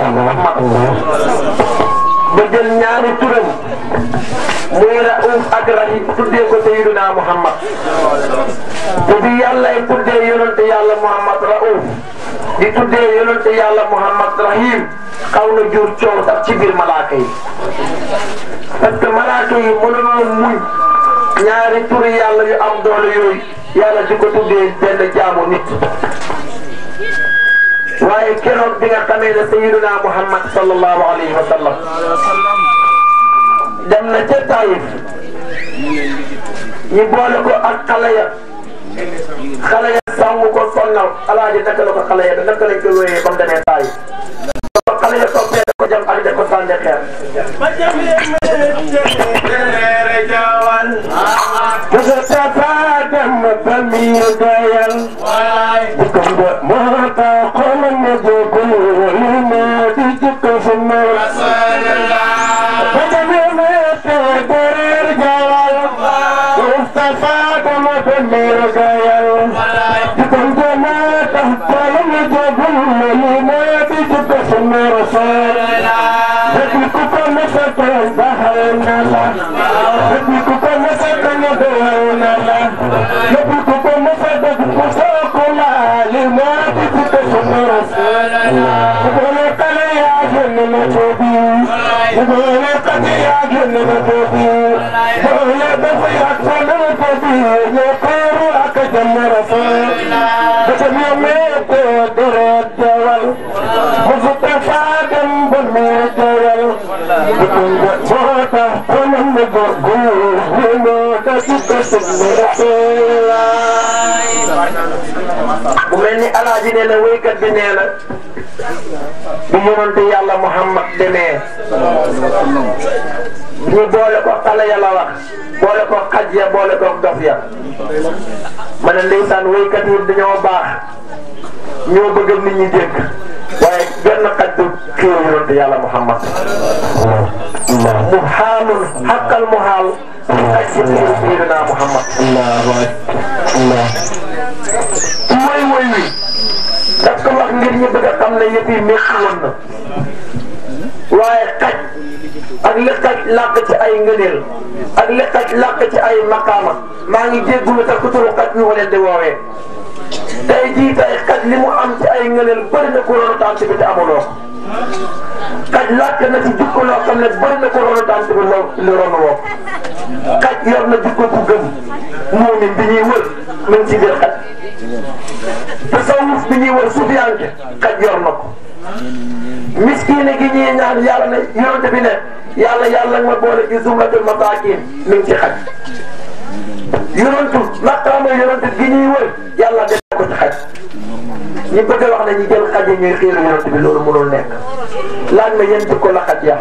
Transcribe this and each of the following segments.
Ahmad ba jël ñaari turam muy Rauf ak Rahim tuddee ko Sayyiduna Muhammad te bi yàllay tuddee yonante yàlla Muhammad Rauf di tuddee yonante yàlla Muhammad Rahim xaw na jur coow sax ci biir malaaka yi parce que malaaka yi mënuloon muñ ñaari turi yàlla yu am doole yooyu yàlla di ko tuddee jaamu nit waaye keroog bi nga xamee ne sayyiduna Muhammad sallallahu alayhi wa sallam dem na ca Taïf ñu boole ko ak xale ya xale ya sàmm ko sonnal alaaji naka la ko xale ya naka ko wéyee ba ya ko jam ak da ko xeer كلنا كبير ويا بغي أكثر كبير يقول أكثر رفيق بجميع ميت درد دول مفتفى جنب الميت دول بكل جوتا كل مبرقوه وموتة تسمى رفيق bu mel ni alaaji nee na wéykat bi nee na bu yonante yàlla Muhammad demee ñu boole ko xale yàlla wax boole ko xaj ya boole ko dof ya ma ne ndeysaan wéykat yi dañoo baax ñoo bëgg nit ñi dégg waaye benn xaj xéewal yonent yàlla Muhammad mu xaalul xàkkal mu xaal ak ci xéewal Seydina Muhammad mooy woy wi daf ko wax ngir ñu bëgg a xam ne yëpp yi métti woon na waaye xaj ak li xaj làq ci ay ngëneel ak li xaj làq ci ay maqaama maa ngi jéggulu te ku turu xaj ñu waleen di woowee tey jii li mu am ci ay ngëneel bëri na ku doon tànn bi te amuloo kaj laajte na ci jikko loo xam ne bëri na ko rono daan bi loo li rono woo kaj yor na jikko bu gëm moomin bi ñuy wër mën ci biir xaj tasawuf bi ñuy wër sufiyanke kaj yor na ko miskiine gi ñuy ñaan yàlla ne yonent bi ne yàlla yàlla nga ma boole ci zumratul masaakin mi ngi ci xaj yonentu maqaama yonent gi ñuy wër yàlla def ñi bëgg a wax na ñu jël xaj yi ñuy xiir yonent bi loolu mënul nekk laaj ma yéen jikko la xaj yar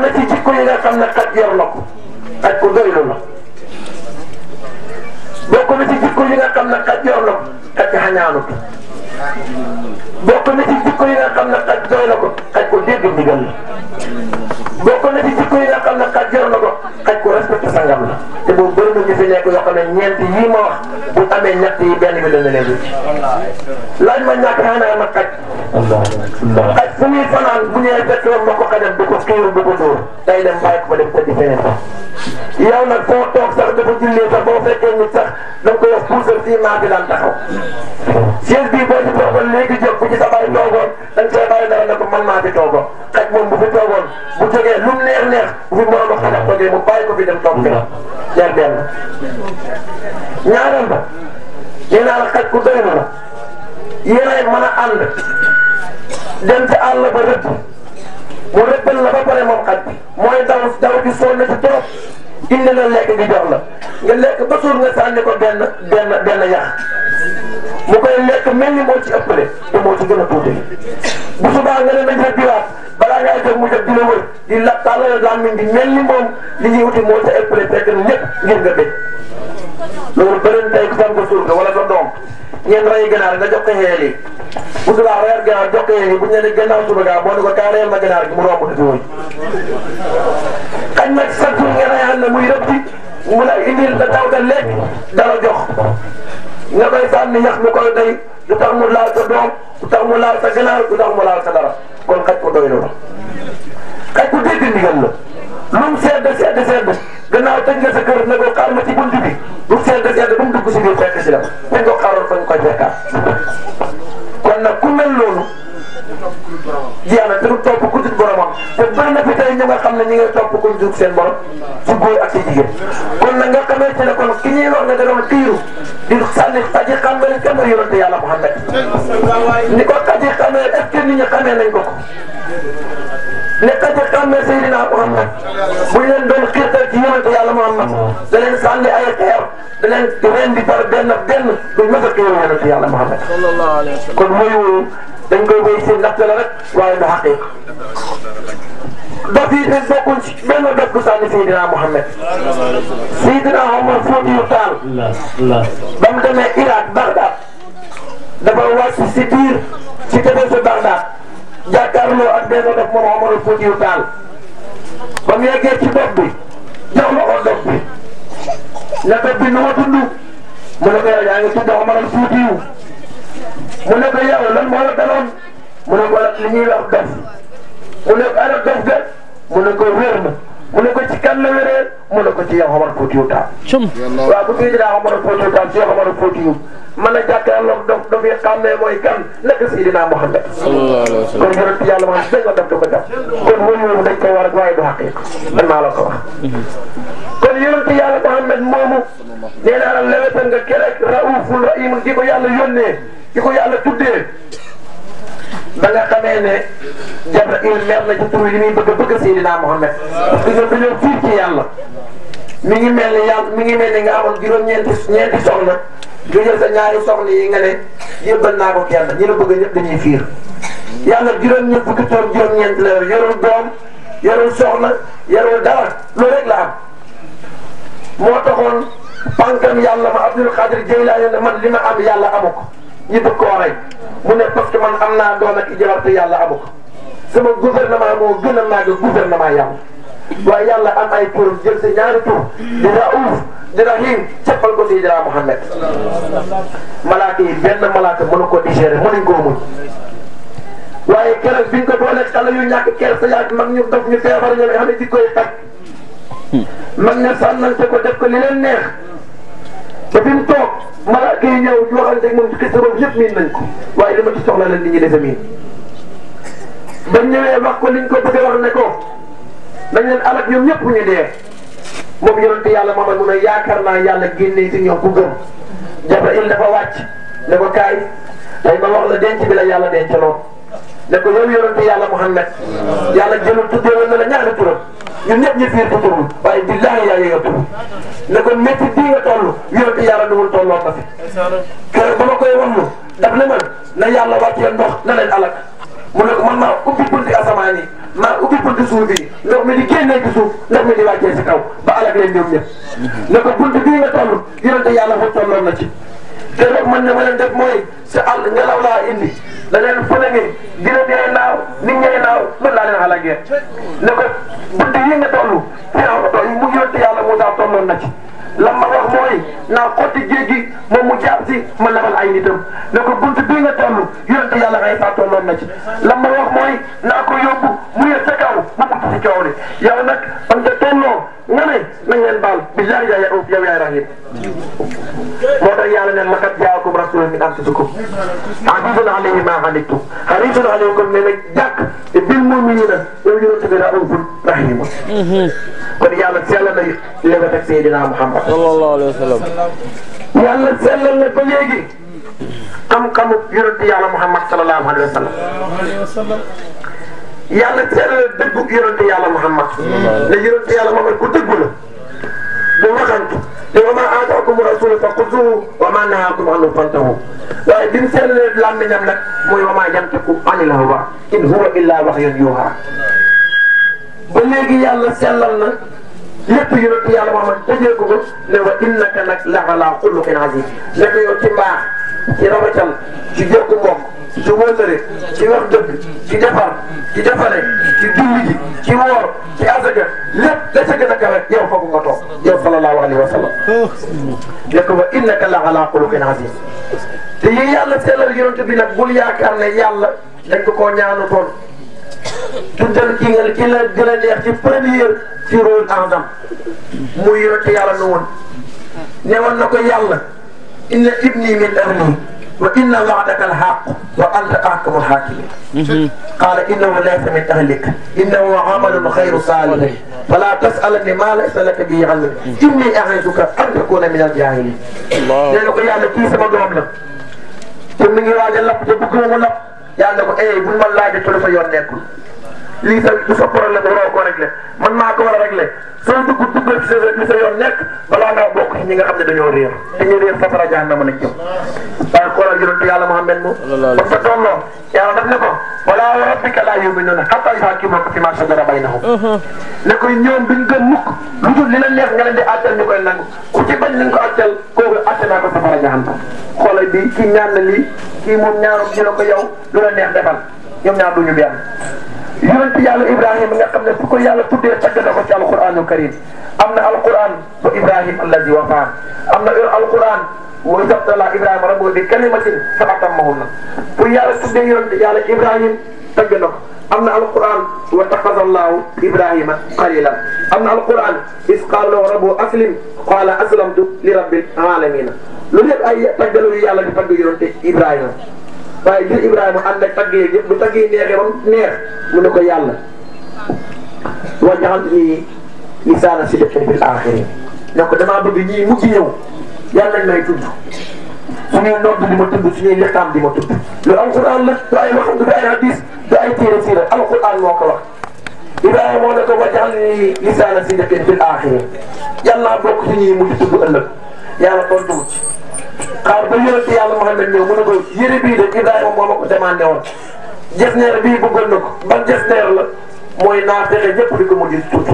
na ci jikko yi nga xam na xaj yor na ko xaj ko doylu la bokk na ci jikko yi nga xam ne xaj yor na ko xaj xañaanut bokk xaj doy na ko xaj ko la bokk na ci jikko yi nga xam ne xaj jar ko xaj ko respecté sangam la te boobu bëri na ñu fi nekk yoo xam ne ñeent yii ma bu amee ñett yi benn bi dana leen laaj ma ñàkk xanaa ma xaj xaj fu muy fanaan bu ñëwee fekk woon ma ko xajam du ko xiiru du ko dóor day dem bàyyi ko ba dem tëdd feneen fa yow nag foo toog sax dafa jullee sax boo fekkee nit sax da nga koy wax puusal maa bi boo ci toogoon léegi jóg bu ci sa bàyyi toogoon da nga see bàyyi dara ne ko man maa fi toogoon xaj lu mu neex neex bu fi Mouhamed Xadax jógee mu bàyyi ko fi dem toog feneen ñaar benn ñaareel ba nee naa la xaj ku doy na la yéenay mën a ànd dem ci àll ba rëbb mu rëbbal na ba pare moom xaj mooy daw daw bi sonn ci trop indi la lekk gi jox la nga lekk ba suur nga ko benn benn benn yàq. mu koy lekk mel ni moo ci ëppale te ci gën a tuuti bu subaa nga ne nañ fa diwaat balaa ngaa jóg mu jóg di la wër di la tàllal làmmiñ di li ñuy wuti moo ci ëppale fekk na ñëpp ngir nga béy loolu beneen tey ku doom ñeent rey ganaar ko xeel yi bu subaa reer ganaar jox ko xeel yi bu ñu nee gannaaw suba gaa boo ne ko kaa reyal ma sa tur nga reyaat na muy rëbbi mu la indil la taw nga lekk dara jox. nga koy sànni ñax mi koy day du tax mu laal sa doom du tax mu laal sa ganaar du tax mu laal sa dara kon xaj ko doy la xaj ko dégg ndigal la lu mu sedd sedd sedd gannaaw tëj nga sa kër ne ko xaar ma ci bunt bi lu sedd sedd bu mu dugg si biir fekk si la te nga xaaroon fañ ko kon nag ku mel loolu jeex na te du topp ku dul boromam te bëri na fi tey ñu nga xam ne ñu ngi topp ku dul seen borom ci góor ak ci jigéen kon nag nga xamante ne ki ñuy wax ne da tiiru kenn yonente yàlla Muhammad ni ko xaji xamee est ce que nit ñi xamee nañ ko ko ne xaji xamee Seydina Muhammad bu ñu leen doon xiirtal ci yonente yàlla Muhammad da leen sànni ay xeer da leen rendi par benn benn duñ mës a xiir yonente yàlla Muhammad kon mooy dañ koy béy seen ndaxte la rek waaye du xaqiq dof yi ren bokkuñ ci benn dof bu sànni Seydina Mohamed Seydina Omar Foutiyou Tall ba mu demee Irak Bagdad dafa wàcc si biir ci tefesu Bagdad jàkkaarloo ak benn dof moom Omar Foutiyou Tall ba mu yeggee ci dof bi jox la ko dof bi ne dof bi nu ma tudd a ne ko yow yaa ngi tudd Omar Foutiyou mu ne ko yow lan moo la daloon mu ne ko li ñuy wax dof mu ne ko ana dof ga mu ne ko wér na mu ne ko ci kan la wéree ko ci yow Omar Foutiyou Tall. waaw bu ñu jëlee Omar Foutiyou Tall ci yow Omar Foutiyou mën a jàkkaarloog dof dof yi xam ne mooy kan nekk Seydina Muhammad. kon yonent yàlla moom dégg nga dof da ko jàpp kon wóor-wóor dañ koy war ak du xaqiiqa man maa la ko wax. kon yonent yàlla Muhammad moomu nee naa la lewetal nga keroog Raouful Rahim gi ko yàlla yónnee gi ko yàlla tuddee. ba nga xamee ne Jabraïl mer na ci tur yi muy bëgg a bëgg Seydina Mohamed parce que ñoom dañoo fiir ci yàlla mi ngi mel ni yàlla mi ngi mel ni nga amoon juróom-ñeenti ñeenti soxna nga jël sa ñaari soxna yi nga ne yëbbal naa ko kenn ñi la bëgg ñëpp dañuy fiir yàlla juróom-ñeent fukki toom juróom-ñeent la yorul doom yorul soxna yorul dara loolu rek la am moo taxoon pànkam yàlla ma Abdul Xaadir Jeylaani ne man li ma am yàlla amu ko ñi bëgg koo rey mu ne parce man am naa doom ak i jabar te yàlla amu ko sama gouvernement moo gën a màgg gouvernement yàlla waaye yàlla am ay turam jël sa ñaari tur di a di Rahim cappal ko Seydina Muhammad malaaka yi benn malaaka mënu ko digérer mënuñ koo muñ waaye keroog biñ ko booleeg xale yu ñàkk kersa yaag mag ñu dof ñu feebar ñoom nga xam di koy taj hmm. mag ña sànnante ko def ko li leen neex ba fi mu malaaka yi ñëw di waxante ak moom ci kër sabab yëpp miin nañ ko waaye li ma ci soxla la nit ñi defe miin ba ñëwee wax ko liñ ko bëgg a wax ne ko dañ leen alak ñoom ñëpp ñu dee moom yonente yàlla Muhammad mu ne yaakaar naa yàlla génne si ñoom ku gëm Jabrail dafa wàcc ne ko kaay tey ma wax la denc bi la yàlla dencaloon ne ko yow yonente yàlla Muhammad yàlla jëlul tuddee na la ñaari turam ñun ñëpp ñu fiir tuddul waaye billaahi yaa yëngatu ne ko métti bii nga toll yonente yàlla duwul tolloon na fi. keroog ba ma koy wannu daf ne man na yàlla wàccee ndox na leen alak mu ne ko man maa ubbi bunti asamaan yi maa ubbi bunti suuf bi mi di génnee ci suuf ndox mi di wàccee si kaw ba alak leen ñoom ñëpp ne ko bunti bii nga toll yonente yàlla fa tolloon na ci keroog man ne ma leen def mooy sa àll ngelaw laa indi. da leen fële ngeen jërëm yaay naaw nit ñay naaw mën naa leen xalaatee ne ko bunt yi nga toll feew ko toll mu yónni yàlla moo tax tolloon na ci. lan ma mooy naa xotti géej gi moom mu jàpp si ma lebal ay nitam ne ko bunt bii nga toll yónni yàlla ngay sax tolloon na ci lan ma wax mooy naa ko yóbbu mu yëg sa kaw mu mucc si coow li yow nag am nga tolloo nga ne baal bi jaay yaay yow yaay rahim moo tax yàlla ne laqad jaakum rasulun min anfusikum azizun alayhi ma anittum harisun alaykum ne nag jàkk bil mu'minina yow yonent bi raufun rahim kon yàlla sellal na lebet ak Seydina Muhammad sallallahu alayhi wa sallam yàlla sellal na ba léegi xam-xamu yonent yàlla Muhammad sallallahu alayhi wa sallam yàlla sellal dëggu yonent yàlla Muhammad ne yonent yàlla Muhammad ku dëggu la bu waxantu te wa maa aataakum rasulu fa xuzuuhu wa maa nahaakum anhu fantahu waaye bi mu seetlee làmmiñam nag mooy wa maa yantiqu anil hawa in huwa illaa wahyun yuuhaa ba léegi yàlla sellal na lépp yonent yàlla Muhammad tëjee ko ko ne wa innaka nag la ala xuluqin azim nekk yow ci mbaax ci rafetal ci jokk mbokk ci wëllëre ci wax dëgg ci defar ci defare ci julli ji ci woor ci asaka lépp la ca gën a kawe yow foofu nga toog yow sallallahu alayhi wa sallam ne ko wa innaka la ala xuluqin azim te yi yàlla sellal yonent bi nag bul yaakaar ne yàlla dañ ko koo ñaanu toon tuddal ki nga ki la gën a neex ci première ci rôle en dam muy yonent yàlla nu woon na ko yàlla إن ابني من أمي وإن وعدك الحق وأنت أحكم الحاكمين قال إنه ليس من أهلك إنه عمل خير صالح فلا تسألني ما ليس لك به علم إني أعيذك أن تكون من الجاهلين لأنك يا لكي سبب لك تمني يراجع لك تبقوا لك يا لك أي بما الله يتلف يونيكم lii sa du sa problème waroo koo réglé man maa ko war a réglé soo dugg duggal ci sa li sa yoon nekk balaa ngaa bokk ci xam ne dañoo réer te ñu safara jahannama yàlla Muhammad mu ba fa tolloo yàlla daf ne ko wala rabbika laa yu'minuuna hattaa yuhakkimuuka fiimaa shajara baynahum mhm. ne koy ñoom duñ gën lu dul li la neex nga leen di àttal ñu koy o ku ci bañ nañ ko àttal kooku naa ko safara jahannama xoolal bi kii ñaan na lii kii moom ñaaroon ñu ne ko yow lu la neex defal ñoom ñaar duñu benn yonent yàlla Ibrahima nga xam ne su ko yàlla tuddee tagg na ko ci alquranu karim am na alquran wa Ibrahima allazi wafa am na alquran wa isabtala Ibrahima rabbuhu bi kalimatin fa atammahunna pour yàlla tuddee yonent yàlla Ibrahima tagg na ko am na alquran wa taxaza allahu Ibrahima xalila am na alquran is qaala lahu rabbuhu aslim qaala aslamtu li rabbil alamina loolu yëpp ay taggalu yàlla di tagg yonent Ibrahima. waaye li Ibrahima ànd ak tagg yeeg yëpp bu tagg yi neexee ba mu neex mu ne ko yàlla wajaxal ni lisaana si dëkk bi aaxiri ne ko damaa bëgg ñii mujj ñëw yàlla nañ may tudd su ñuy nodd di ma tudd su ñuy liqaam di ma tudd loolu alquran la du ay wax du ay hadis du ay téere siira alquran moo ko wax Ibrahima moo ne ko wajaxal ni lisaana si dëkk bi aaxiri yàlla bokk ci ñii mujj tudd ëllëg yàlla tontu ci xaar ba yonent yàlla Muhammad ñëw mu ne ko yére bii de Ibrahima moo ma ko demandé woon jasneer bii bëggoon na ko ban jasneer la mooy naa fexe ñëpp di ko mujj tuut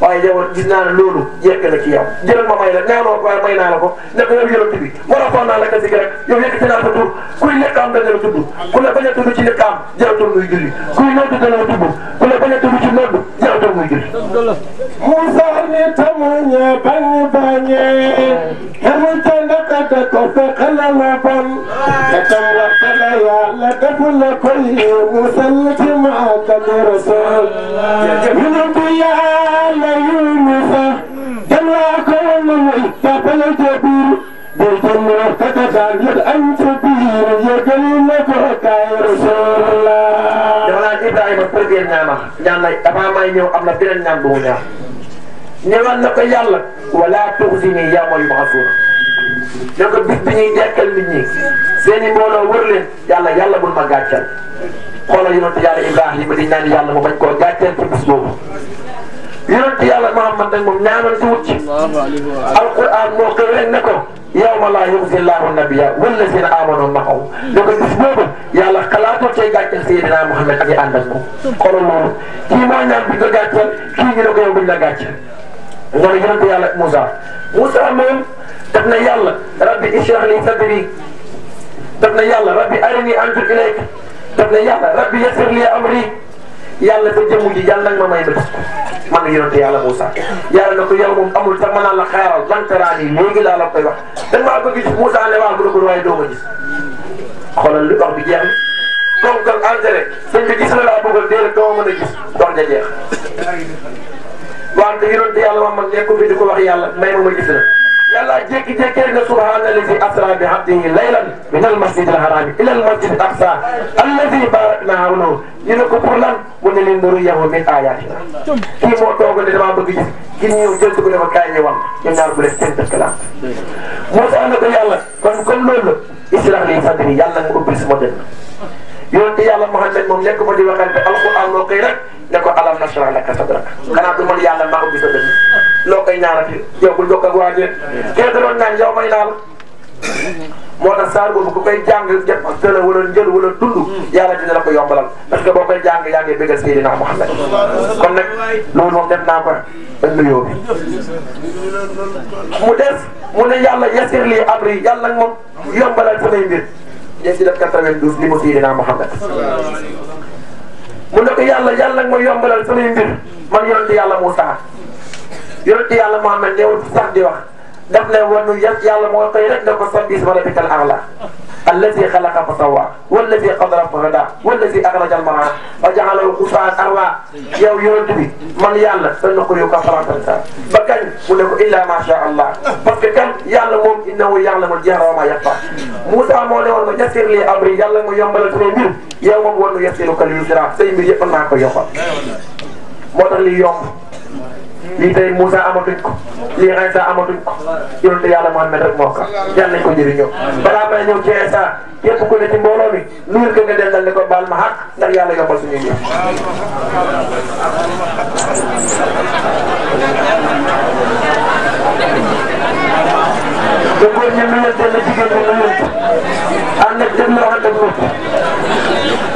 waaye yow gis naa ne loolu yegg la ci yow jëlal ma may la ñaanoo ko waaye may naa la ko ne ko yow yonent bi moo taxoon naa la ka si rek yow yëkkati naa ko tur kuy nekkaam dana la tudd ku la bañ a tudd ci nekkaam jaratul muy julli kuy nodd dana la tudd ku la bañ a tudd ci nodd jaratul muy julli ولا بل تتورط ليالى قبل كل مسلك مع قدر رسول يجبن بيا ليونس جمع كل مقتبل جبير بالجن وقتتغير أنت بير يقل لك وكاي رسول الله جمال إبراهيم بودين نعمة جمال تفهم ما يوم أمنا بلن نعم بونا نعم لك يالك ولا تخزني يا ما يبعثون ne ko bis bi ñuy dekkal nit ñi seen i mbooloo wër leen yàlla yàlla bul ma gàccal xoolal yonent yàlla Ibrahima di naan yàlla mu bañ koo gàcceel ci bis boobu. yonent yàlla mohammad nag moom ñaanal si wut ci alquran moo ko rek ne ko yow ma laa si laahu yuxzi llaahu nabiyya wallaziina aamanu ma'ahu ne ko bis boobu yàlla xalaatoo cee gàcceel naa mohammad ak yi ànd ak moom xoolal moom kii moo ñaan bi nga gàcceel kii ñu ne ko yow buñ la gàcceel loolu yonent yàlla ak Moussa Moussa moom. daf na yàlla rabbi ishrah li sadri daf na yàlla rabbi arini anzur ilayk daf na yàlla rabbi yassir li amri yàlla sa jëmm ji yàlla nag ma may bët man la yonente yàlla Moussa yàlla na ko yow moom amul sax ma naan la xaaral jantaraan yi léegi laa la koy wax dañ maa bëgg gis Moussa ne waaw bu dëgg waaye doo ma gis xoolal li wax bi jeex na comme que engrais sëñ bi gis la laa bëgg a dee doo mën a gis wax ja jeex wante yonente yàlla ma man nekkul fi di ko wax yàlla may ma ma gis la. yàlla jékki-jékki rek ne subhaanallazi asra bi abdihi laylan min al masjid al haram ila al masjid al aqsa allazi barakna hawlahu ñu ne ko pour a mu ne leen nuriyahu min ayatina kii moo toogal ne damaa bëgg kii ñëw jël ko ne ma kaay ñëwal ñoom ñaar bu leen seen dëkk la Moussa ne ko yàlla kon comme loolu la yonent yàlla Muhammad moom nekk fa di waxante alquran moo koy rek ne ko alam nashrah laka sadrak xanaa du man yàlla maa ubbi sa dënn loo koy ñaanati yow bul bokk ak waa ji kee da doon naan yow may naal moo tax saar boobu ku koy jàng jëpp tëla wala njël wala dund yàlla dina la ko yombalal parce que boo koy jàng yaa ngi bëggal Seydina Muhammad kon nag loolu moom def naa ko ak nuyoo bi mu des mu ne yàlla yasir lii amri yàlla moom yombalal samay mbir des ci def 92 li mu Seydina Muhammad mu ne ko yàlla yàlla nga ma yombalal samay mbir man yonent yàlla Moussa yonent yàlla Muhammad newul sax di wax daf ne woon nu yàlla moo koy rek da ko sabbi isma rabbikal a'la الذي خلق فسوى والذي قدر فهدى والذي اخرج المرعى وجعله غثاء اروى يو يونتبي من يالا سن نكو يو كفرات بكن الا ما شاء الله بكن يالا موم انه يعلم الجهر وما يخفى موسى مولى وما يسر لي امري يالا مو يومبال سني مير يوم وون يسيرك لك اليسرى مير يفنا كو يخفى لي يوم lii tey Moussa amatuñ ko lii Insa amatuñ ko yonent yàlla Muhammad rek moo ko yàlla nañ ko jëriñoo balaa may ñëw ci Insa képp ku ne ci mbooloo mi nuyu ko nga dellal ne ko baal ma xaq ndax yàlla yombal suñuy yëf. te góor ñi nuyante na jigéen ñi nuyante ànd ak jëm loxo ak